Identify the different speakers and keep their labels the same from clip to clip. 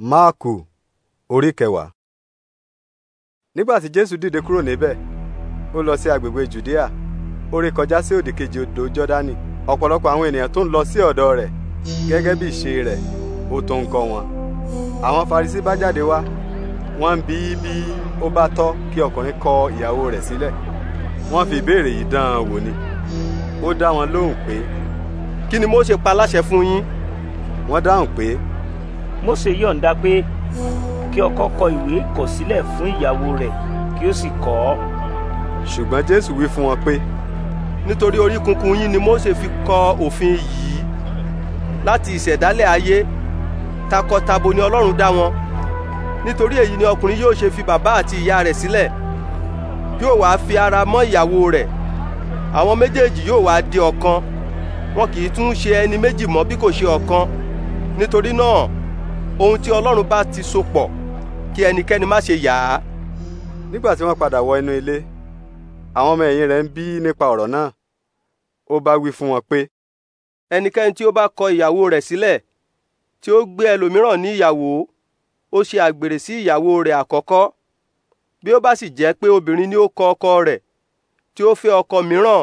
Speaker 1: máàkù orí kẹwàá. nígbà tí jésù dìde kúrò níbẹ̀ ó lọ sí agbègbè judea ó ré kọjá sí òdì kejì odò jọ́dánì ọ̀pọ̀lọpọ̀ àwọn ènìyàn tó ń lọ sí ọ̀dọ̀ rẹ̀ gẹ́gẹ́ bí ìṣe rẹ̀ ó tó ń kọ́ wọn. àwọn farisí bá jáde wá wọ́n ń bi bí ó bá tọ́ kí ọkùnrin kọ ìyàwó rẹ̀ sílẹ̀ wọ́n fi ìbéèrè yìí dán an wò ni ó dá wọn lóhùn pé. kí ni mo ṣe pa láṣẹ fún yín. wọ́n dáhùn pé Mósè yọ̀ǹda pé kí ọkọ kọ ìwé kọ̀ sílẹ̀ fún ìyàwó rẹ̀ kí ó sì kọ ọ́. ṣùgbọ́n Jésù wí fún wọn pé nítorí orí kunkun yín ni Mósè fi kọ òfin yìí láti ìṣẹ̀dálẹ̀ ayé takọtabo ni Ọlọ́run dá wọn nítorí èyí ni ọkùnrin yóò ṣe fi bàbá àti ìyá rẹ̀ sílẹ̀ yóò wá fi ara mọ́ ìyàwó rẹ̀ àwọn méjèèjì yóò wá di ọ̀kan wọn kì í tún ṣe ẹni méjì mọ́ bí kò ṣe ọ̀kan nítorí náà ohun tí ọlọ́run bá ti so pọ̀ kí ẹnikẹ́ni má ṣe yà á. nígbà tí wọ́n padà wọ inú ilé àwọn ọmọ ẹ̀yìn rẹ̀ ń bí nípa ọ̀rọ̀ náà ó bá wí fún wọn pé. ẹnikẹ́ni tí ó bá kọ ìyàwó rẹ̀ sílẹ̀ tí ó gbé ẹlòmíràn ní ìyàwó ó ṣe àgbèrè sí ìyàwó rẹ̀ àkọ́kọ́ bí ó bá sì jẹ́ pé obìnrin ni ó kọ ọkọ rẹ̀ tí ó fẹ́ ọkọ mìíràn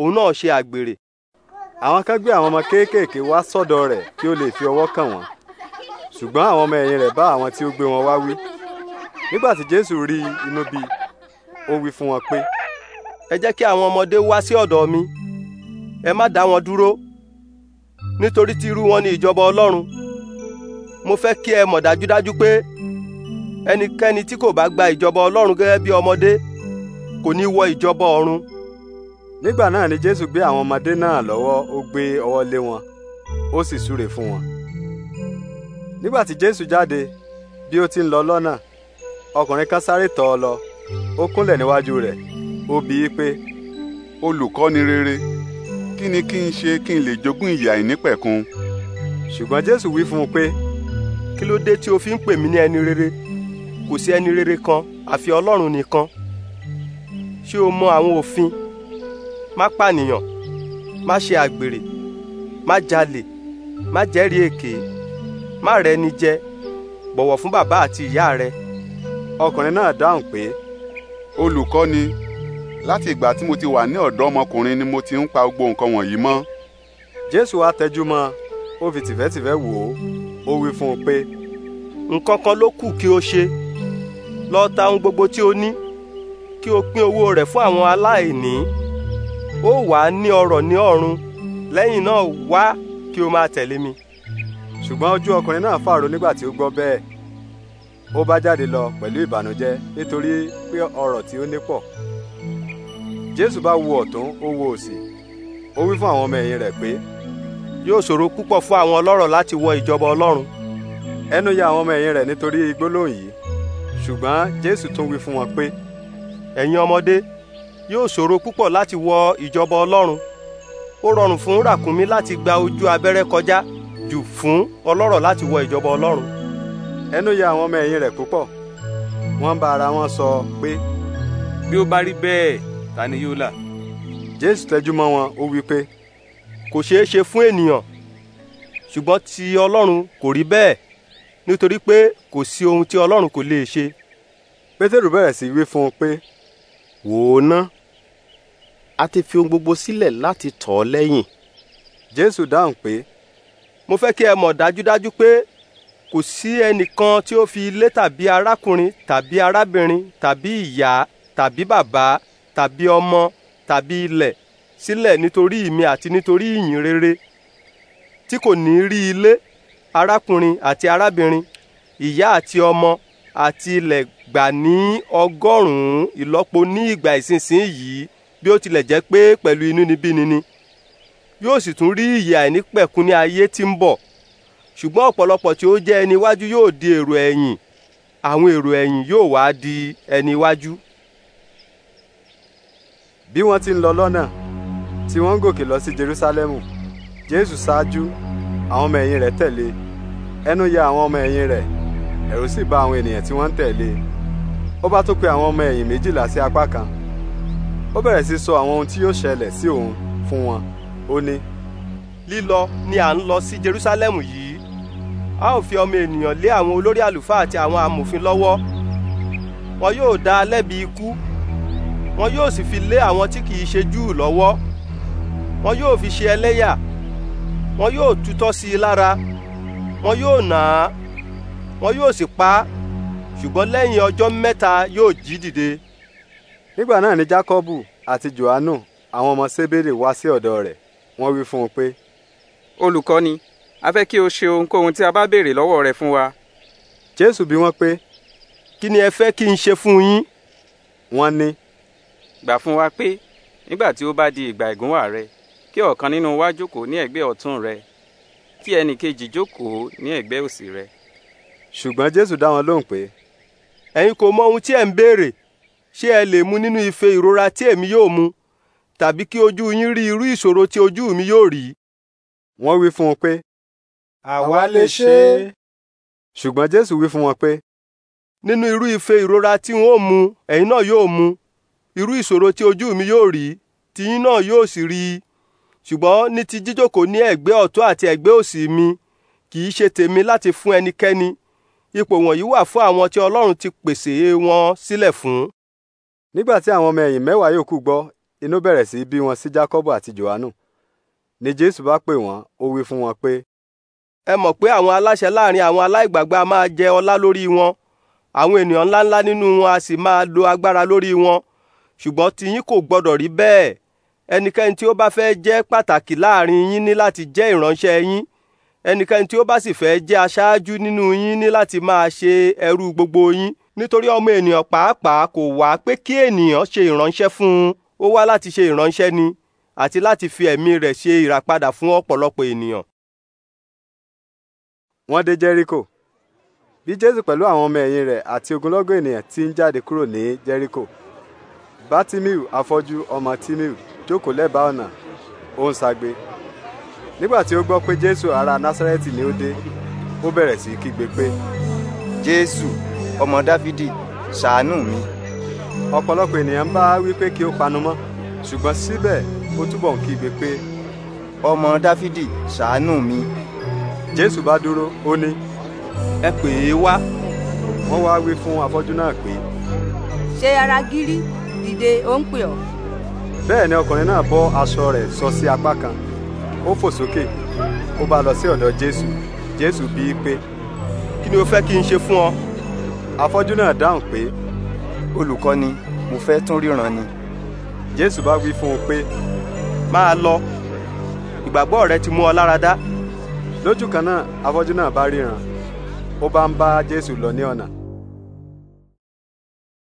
Speaker 1: òun náà ṣe àgbèrè. àwọn kan gbé àwọn ọmọ kéékèèké wá sọ́dọ̀ rẹ̀ kí ó lè fi ọwọ́ kàn wọ́n ṣùgbọ́n àwọn ọmọ ẹ̀yìn rẹ̀ bá àwọn tí ó gbé wọn wá wí nígbà tí jésù rí inú bí ó wí fún wọn pé. ẹ jẹ́ kí àwọn ọmọdé wá sí ọ̀dọ̀ mi ẹ má dá wọn dúró nítorí tí irú wọn ni ìjọba ọlọ́run mo fẹ́ kí ẹ mọ̀ dájúdájú pé ẹnikẹ́ni tí kò bá gba ìjọba ọlọ́run gẹ́gẹ́ bí ọmọdé kò ní wọ ìjọba ọ̀run. nígbà náà ni jésù gbé àwọn ọmọdé náà lọ́wọ́ ó gbé ọwọ́ lé wọn ó sì súre fún wọn nígbà tí jésù jáde bí ó ti ń lọ lọ́nà ọkùnrin kan sáré tọ̀ ọ́ lọ ó kúnlẹ̀ níwájú rẹ̀ ó bi í pé. olùkọ́ni rere kí ni kí n ṣe kí n lè jogún ìyà ìnípẹ̀kun. ṣùgbọ́n jésù wí fún un pé. kí ló dé tí o fi ń pè mí ní ẹni rere kò sí ẹni rere kan àfi ọlọ́run nìkan ṣé o mọ àwọn òfin má pànìyàn má ṣe àgbèrè má jalè má jẹ́rìí èké má rẹ ni jẹ bọ̀wọ̀ fún bàbá àti ìyá rẹ. ọkùnrin náà dáhùn pé olùkọ́ ni láti ìgbà tí mo ti wà ní ọ̀dọ́ ọmọkùnrin ni mo ti ń pa gbogbo nǹkan wọ̀nyí mọ́. jésù wá tẹjú mọ́ ó fi tìfẹ́tìfẹ́ wò ó ó wí fún un pé nǹkan kan ló kù kí o ṣe lọ ta ohun gbogbo tí o ní kí o pín owó rẹ̀ fún àwọn aláìní ó wàá ní ọrọ̀ ní ọ̀run lẹ́yìn náà wá kí o máa tẹ̀lé mi ṣùgbọ́n ojú ọkùnrin náà fàrọ nígbà tí ó gbọ́ bẹ́ẹ̀ ó bá jáde lọ pẹ̀lú ìbànújẹ́ nítorí pé ọrọ̀ tí ó ní pọ̀ jésù bá wo ọ̀tún ó wo òsì ó wí fún àwọn ọmọ ẹ̀yìn rẹ̀ pé. yóò ṣòro púpọ̀ fún àwọn ọlọ́rọ̀ láti wọ ìjọba ọlọ́run. ẹnu ya àwọn ọmọ ẹ̀yìn rẹ̀ nítorí gbólóhùn yìí ṣùgbọ́n jésù tún wí fún wọn pé. ẹ̀yin ọmọdé yóò ṣòro púpọ̀ láti wọ ìjọba ọlọ́run. ó rọrùn fún ràkúnmí láti gba ojú abẹ́rẹ́ kọjá jù fún ọlọ́rọ̀ láti wọ ìjọba ọlọ́run ẹnu ya àwọn ọmọ ẹ̀yìn rẹ̀ púpọ̀ wọ́n bá ara wọn sọ pé. bí ó bá rí bẹ́ẹ̀ ta ni yóò là. jésù tẹjú mọ́ wọn ó wí pé kò ṣeé ṣe fún ènìyàn ṣùgbọ́n ti ọlọ́run kò rí bẹ́ẹ̀ nítorí pé kò sí ohun tí ọlọ́run kò lè ṣe. pétérù bẹ̀rẹ̀ sí wí fún un pé wò ó ná a ti fi ohun gbogbo sílẹ̀ láti tọ̀ ọ́ lẹ́yìn. jésù dáhùn pé mo fẹ́ kí ẹ mọ̀ dájúdájú pé kò sí ẹnìkan tí ó fi ilé tàbí arákùnrin tàbí arábìnrin tàbí ìyá tàbí bàbá tàbí ọmọ tàbí ilẹ̀ sílẹ̀ nítorí mi àti nítorí ìyìn rere tí kò ní rí ilé arákùnrin àti arábìnrin ìyá àti ọmọ àti ilẹ̀ gbà ní ọgọ́rùn-ún ìlọ́po ní ìgbà ìsinsìnyí bí ó tilẹ̀ jẹ́ pé pẹ̀lú inúnibíni ni yóò sì tún rí ìyè àìnípẹ̀kun ní ayé tí ń bọ̀ ṣùgbọ́n ọ̀pọ̀lọpọ̀ tí ó jẹ́ ẹni iwájú yóò di èrò ẹ̀yìn àwọn èrò ẹ̀yìn yóò wá di ẹni iwájú. bí wọ́n ti ń lọ lọ́nà tí wọ́n ń gòkè lọ sí Jerúsálẹ́mù Jésù ṣáájú àwọn ọmọ ẹ̀yìn rẹ̀ tẹ̀lé ẹnu ya àwọn ọmọ ẹ̀yìn rẹ̀ ẹ̀rù sì bà àwọn ènìyàn tí wọ́n ń tẹ̀lé ó bá tún pe àwọn ọmọ ẹ̀yìn méjìlá sí apá kan ó bẹ̀rẹ̀ sí sọ àwọn ohun tí yóò ṣẹlẹ̀ sí òun fún wọn ó ní lílọ ni à ń lọ sí Jerúsálẹ́mù yìí a ó fi ọmọ ènìyàn lé àwọn olórí àlùfáà àti àwọn amòfin lọ́wọ́ wọn yóò dá a lẹ́bi ikú wọn yóò sì fi lé àwọn tí kì í ṣe Júù lọ́wọ́ wọn yóò fi ṣe ẹlẹ́yà wọn yóò tutọ́ sí i lára wọn yóò nà á wọn yóò sì pa á ṣùgbọ́n lẹ́yìn ọjọ́ mẹ́ta yóò jí dìde. nígbà náà ni Jákọ́bù àti Jòhánù àwọn ọmọ Sébérè wá sí ọ̀dọ̀ rẹ̀ wọ́n wí fún un pé. olùkọ́ni a fẹ́ kí o ṣe ohunkóhun tí a bá béèrè lọ́wọ́ rẹ fún wa. jésù bi wọ́n pé kí ni ẹ fẹ́ kí n ṣe fún yín. wọ́n ní. gbà fún wa pé nígbà tí ó bá di ìgbà ìgúnwà rẹ kí ọ̀kan nínú wa jókòó ní ẹ̀gbẹ́ ọ̀tún rẹ tí ẹnì kejì jókòó ní ẹ̀gbẹ́ òsì rẹ. ṣùgbọ́n jésù dá wọn lóhùn pé ẹ̀yin kò mọ ohun tí ẹ̀ ń béèrè ṣé ẹ lè mu nínú ife ìrora tí èmi yóò mu tàbí kí ojú yín rí irú ìṣòro tí ojú mi yóò rí wọ́n wí fún un pé àwa lè ṣe é ṣùgbọ́n jésù wí fún wọn pé nínú irú ife ìrora tí n ó mu ẹ̀yin náà yóò mu irú ìṣòro tí ojú mi yóò rí tiyín náà yóò sì rí ṣùgbọ́n ní ti jíjókòó ní ẹ̀gbẹ́ ọ̀tún àti ẹ̀gbẹ́ òsì mi kì í ṣe tèmi láti fún ẹnikẹ́ni ipò wọ̀nyí wà fún àwọn tí ọlọ́run ti pèsè wọn sílẹ̀ fún. nígbà tí àwọn ọmọ ẹ̀yìn mẹ́wàá yòókù gbọ́ inú bẹ̀rẹ̀ sí bí wọn sí Jákọ́bù àti Jòhánù ni Jésù bá pè wọ́n ó wí fún wọn pé. ẹ mọ̀ pé àwọn aláṣẹ láàrin àwọn aláìgbàgbà máa jẹ ọlá lórí wọn àwọn ènìyàn ńláńlá nínú wọn a sì máa lo agbára lórí wọn ṣùgbọ́n tiyín kò gbọ́dọ̀ rí bẹ́ẹ̀ ẹnikẹ́ni tí ó bá fẹ́ jẹ́ pàtàkì láàrin yín ní láti jẹ́ ìránṣẹ́ yín ẹnikẹ́ni tí ó bá sì fẹ́ jẹ́ aṣáájú nínú yín ní láti máa ṣe ẹrú gbogbo yín nítorí ọmọ ènìyàn pàápàá kò wá pé kí ènìyàn ṣe ìránṣẹ́ fún un ó wá láti ṣe ìránṣẹ́ ni àti láti fi ẹ̀mí rẹ̀ ṣe ìràpadà fún ọ̀pọ̀lọpọ̀ ènìyàn. wọ́n dé jẹ́ríkò bí jésù pẹ̀lú àwọn ọmọ ẹ̀yìn rẹ̀ àti ogunlọ́gọ̀ ènìyàn ti ń jáde kúrò ní jẹ́ríkò bátímíù afọ́jú ọmọ tímíù jókòó lẹ́bàá ọ̀nà ó ń ṣagbe nígbà tí ó gbọ́ pé jésù ará násárẹ́tì ni ó dé ó bẹ̀rẹ̀ sí í kígbe pé. jésù ọmọ dáfídì ṣàánú mi. ọ̀pọ̀lọpọ̀ ènìyàn bá wípé kí ó panu mọ́ ṣùgbọ́n síbẹ̀ ó túbọ̀ ń kígbe pé. ọmọ dáfídì ṣàánú mi. jésù bá dúró ó ní. ẹ pè é wá. wọ́n wá wí fún afọ́jú náà pé. Ṣé ara gírí dìde ó ń pè ọ́. bẹ́ẹ̀ ni ọkùnrin náà bọ́ aṣọ rẹ̀ sọ sí apá kan ó fò sókè ó bá lọ sí ọ̀dọ̀ jésù jésù bíi pé kí ni o fẹ́ kí n ṣe fún ọ afọ́jú náà dáhùn pé. olùkọ́ni mo fẹ́ tún ríran ni. jésù bá wí fún un pé máa lọ ìgbàgbọ́ rẹ ti mú ọ lára lójú kan náà afọ́jú náà bá ríran ó bá ń bá jésù lọ ní ọ̀nà.